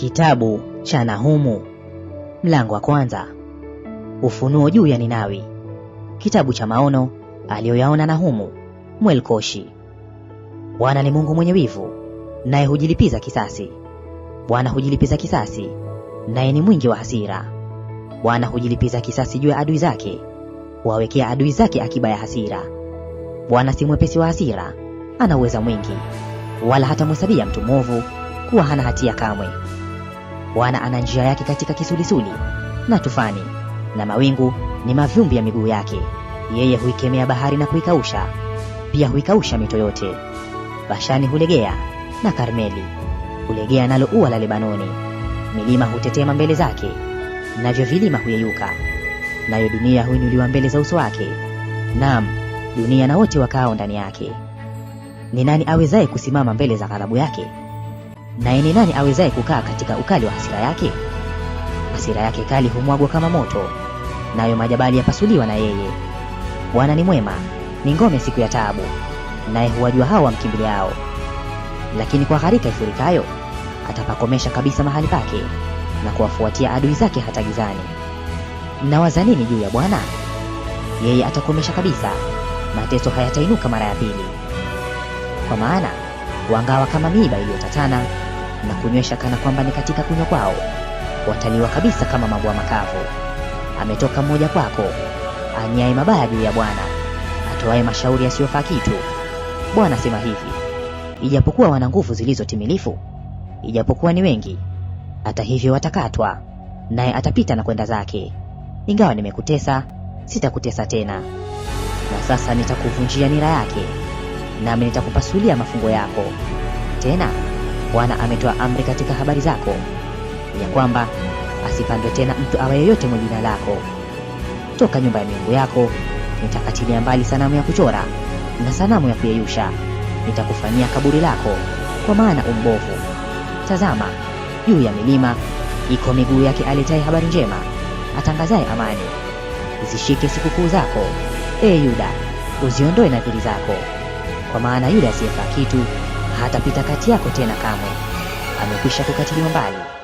Kitabu cha Nahumu mlango wa kwanza. Ufunuo juu ya Ninawi. Kitabu cha maono aliyoyaona Nahumu Mwelkoshi. Bwana ni Mungu mwenye wivu, naye hujilipiza kisasi. Bwana hujilipiza kisasi, naye ni mwingi wa hasira. Bwana hujilipiza kisasi juu ya adui zake, wawekea adui zake akiba ya hasira. Bwana si mwepesi wa hasira, ana uweza mwingi, wala hatamhesabia mtu mwovu kuwa hana hatia kamwe. Bwana ana njia yake katika kisulisuli na tufani, na mawingu ni mavumbi ya miguu yake. Yeye huikemea bahari na kuikausha, pia huikausha mito yote. Bashani hulegea na Karmeli hulegea, nalo ua la Lebanoni. Milima hutetema mbele zake, navyo vilima huyeyuka, nayo dunia huinuliwa mbele za uso wake, naam, dunia na wote wakaao ndani yake. Ni nani awezaye kusimama mbele za ghadhabu yake? naye ni nani awezaye kukaa katika ukali wa hasira yake? Hasira yake kali humwagwa kama moto, nayo majabali yapasuliwa na yeye. Bwana ni mwema, ni ngome siku ya taabu, naye huwajua hao wamkimbiliao. Lakini kwa gharika ifurikayo atapakomesha kabisa mahali pake, na kuwafuatia adui zake hata gizani. Mnawaza nini juu ya Bwana? Yeye atakomesha kabisa, mateso hayatainuka mara ya pili, kwa maana wangawa kama miiba iliyotatana na kunywesha kana kwamba ni katika kunywa kwao, wataliwa kabisa kama mabwa makavu. Ametoka mmoja kwako, anyaye mabaya juu ya bwana, atoaye mashauri yasiyofaa kitu. Bwana asema hivi: ijapokuwa wana nguvu zilizotimilifu, ijapokuwa ni wengi, hata hivyo watakatwa, naye atapita na kwenda zake. Ingawa nimekutesa, sitakutesa tena, na sasa nitakuvunjia nira yake, nami nitakupasulia mafungo yako tena Bwana ametoa amri katika habari zako ya kwamba asipandwe tena mtu awa yeyote mwa jina lako toka nyumba ya miungu yako. Nitakatilia mbali sanamu ya kuchora na sanamu ya kuyeyusha, nitakufanyia kaburi lako, kwa maana umbovu. Tazama, juu ya milima iko miguu yake aletaye habari njema, atangazaye amani. Zishike sikukuu zako, ee Yuda, uziondoe nadhiri zako, kwa maana Yuda asiyefaa kitu hatapita kati yako tena kamwe, amekwisha kukatiliwa mbali.